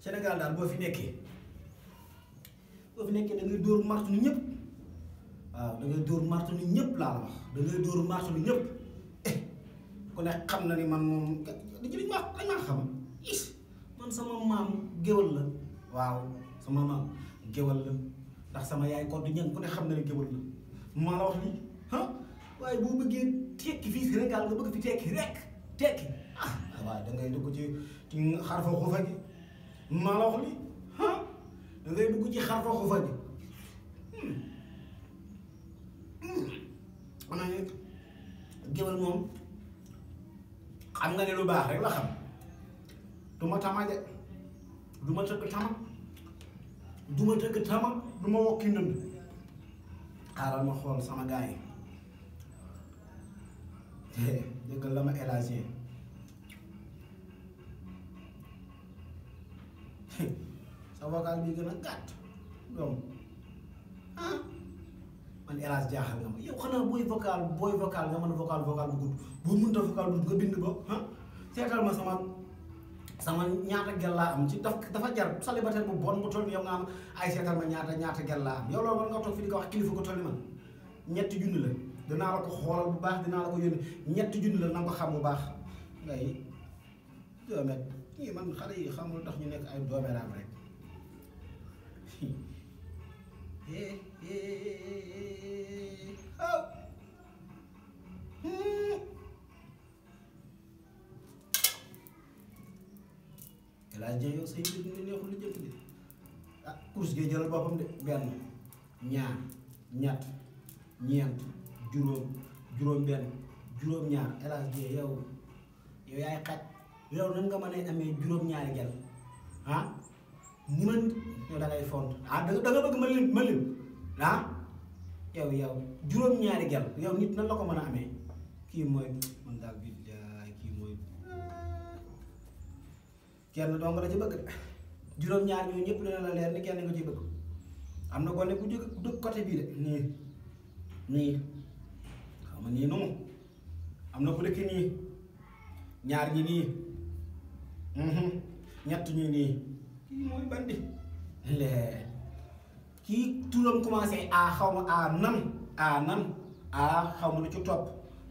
Sénégal daal boo fi nekkee boo fi nekkee da ngay dóor martu ni ñëpp waaw da ngay dóor martu ni ñëpp laa la dóor martu ni ñëpp eh, ku ne xam na ni man moom dañu dañ ma dañ ma xam sama maam géwal la waaw sama maam la ndax sama yaay koddu ñan ku ne xam na ni géwal la maa la wax ni ah, waaye boo bëggee tekki fii Sénégal nga bëgg fi tekki rek tekki ah waaw dugg ci ci xarfa xufa gi maa la wax li ah xar foofu fa ji xanaa hmm. hmm. xam nga ne lu baax rek la xam du ma tama de du ma tëgg tama du ma tëgg tama du ma wokki ndënd xaaral ma xool sama gars yi la ma élargir. sa vocal bi gën a gàtt donc ah man hélas jaaxal nga booy vocal booy vocal nga mën a vocal vocal bu gudd boo mënta vocal gudd nga bind ba ah, seetal ma sama sama ñaata gel laa am ci daf dafa jar célibataire bu bon yow ay seetal ma ñaata ñaata gel laa am yow loolu war nga toog fi di ko wax kilifa ko toll ni man ñetti junni la dinaa la ko xoolal bu baax dinaa la ko yónni ñetti junni la na ko xam bu baax ngay doomet ñii man xale yi xamul tax ñu nekk ay dooméram rek hey, hey, oh. hmm. El Hadj Ndiaye yow say mbir mi neexul lu jëm de ah course gee jëlal boppam de benn ñaar ñett ñeent juróom juróom benn juróom ñaar El Hadj Ndiaye yow yaay xaj yow nan nga mën a amee juróom ñaari gel ah. ñi ma yow da ngay udah ah da nga bëgg ma lim ma lim ah yow yow juróom ñaari gel yow nit nan la ko mën a amee kii mooy man daal bi kii mooy kenn dong la ci bëgg de juróom ñaar ñoo ñëpp dana la leer ni kenn nga ci bëgg am na gone bu jóg côté de xam ñaar ñi ñi kii mooy bandi lee kii turam commencé a xaw ma a nan a nan a xaw ma lu ci topp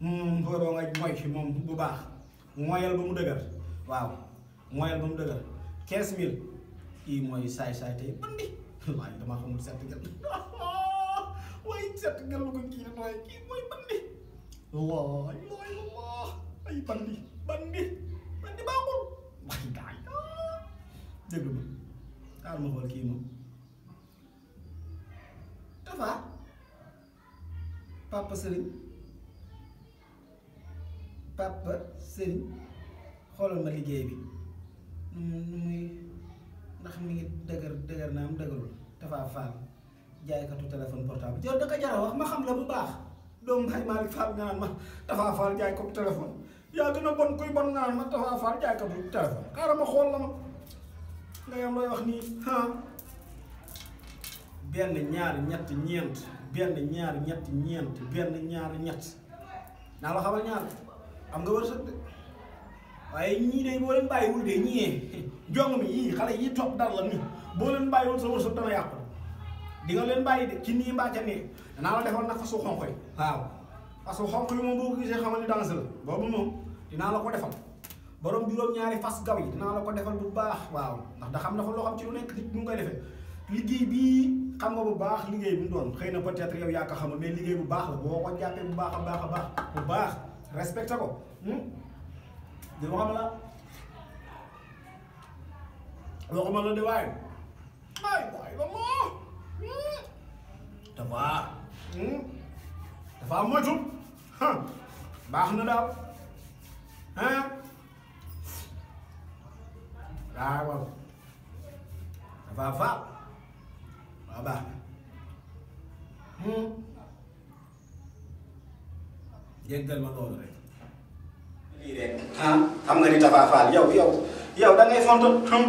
hmm, booboo nga bu baax moyal ba mu dëgër waaw moyal ba mu dëgër quinze mille kii mooy saay-saay tey bandi waaye damaa xamul sett gel waaye sett gel lu ko kii mooy kii mooy bandi waay waay waay bandi bandi bandi baaxul déglu ma xaar ma xool kii moom Tafa papa Serigne papa Serigne xoolal ma liggéey bi nu mu muy ndax mi ngi dëgër dëgër naa mu dëgërul Tafa Fall jaaykatu téléphone portable jor da ko wax ma xam la bu baax doomu Baye Malick Fall nga ma Tafa Fall jaaykatu téléphone xaaral ma xool la ma. nga yam looy wax nii ah benn ñaar ñett ñeent benn ñaar ñett ñeent benn ñaar ñett naa la xamal ñaar am nga wërsëg de waaye ñii de boo leen bàyyiwul de ñii jong mi yii xale yii topp dara la nii boo leen bàyyiwul sa wërsëg dana yàqu di nga leen bàyyi de ci nii mbaa ca nee danaa la defal nag fasu xonq yi waaw fasu xonq moom boo ko gisee xamal ni danse la boobu moom dinaa la ko defal borom juróom-ñaari fas gaw yi dinaa la ko defal bu baax waaw ndax da xam na fa loo xam ci lu nekk nit mu liggéey bii xam nga bu baax liggéey bu doon xëy na peut-être yow yaa ko xamul mais liggéey bu baax la boo ko jàppee bu baax a baax a baax bu baax respecté ko hmm? di waxama la baax na daal ah rárá àfààfà bàbá mú jéggal ma loolu rek. lii rek ah xam nga ni tafaafaal yow yow yow da ngay fontu tum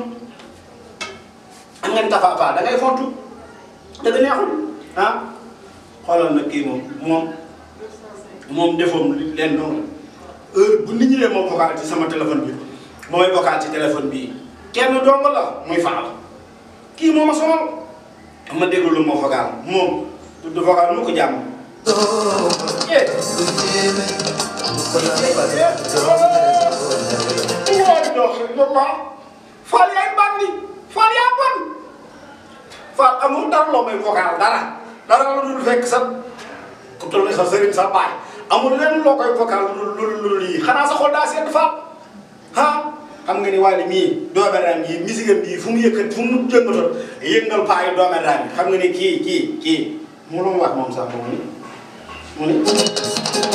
am nga ni tafaafaal da ngay fontu dëgg neexul ah na kii moom moom moom defoom leen noonu heure bu nit ñi moo vocal ci sama téléphone bi mooy vocal ci téléphone bi kenn dong la muy faal ki moma ma sonal ma déglu lu mo fogaal mom du fogaal mu ko jàmm ya. yaay bandi faal ya. bon faal amul dara loo may fogaal dara dara la dul fekk sa ku toll sa sëriñ sa baay amul lenn loo koy fogaal lu lu lu lii sa xol xam nga ni Wally mii doomu raam yi misigam bii fu mu yëkkat fu mu jëngatoon yëngal paa yi doomu raam xam nga ni kii kii kii mu lu mu wax moom sax moom ni mu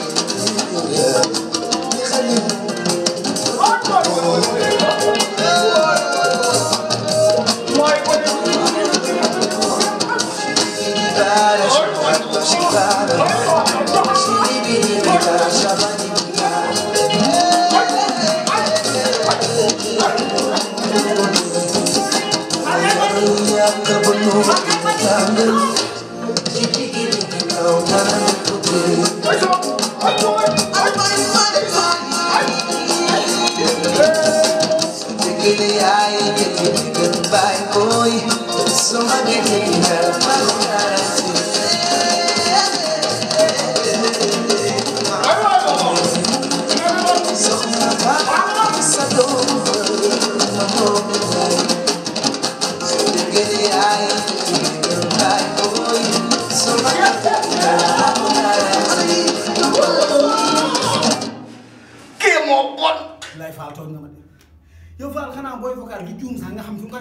yow Fall xanaa booy vocal gi juum sax xam fi nga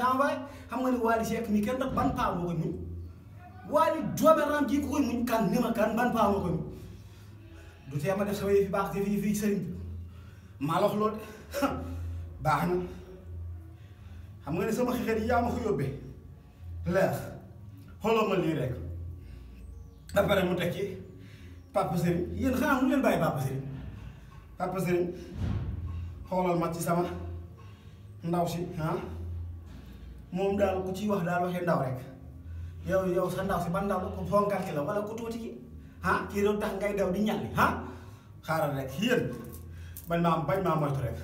xam nga ne Wally Seck mi kenn nag ban paa moo koy muñ Wally jooberam ji ku koy muñ kan ni ma kan ban paa moo koy muñ du tee ma def sama yëfi baax yëfi yëfi sëriñ bi maa baax na xam nga ne sama xeexeet yi yaa ma ko yóbbee leer xooloo ma lii rek mu te ci papa sëriñ yéen xanaa mu leen bàyyi sëriñ papa sëriñ xoolal ma ci sama ndaw si ah moom daal ku ciy wax daal waxee ndaw rek yow yow sa ndaw si ban ndaw la ko fonkaat ki la wala ku tuuti ki ah kii doon tax ngay daw di ñàlli ah xaaral rek yéen bañ maa bañ maa moytu rek.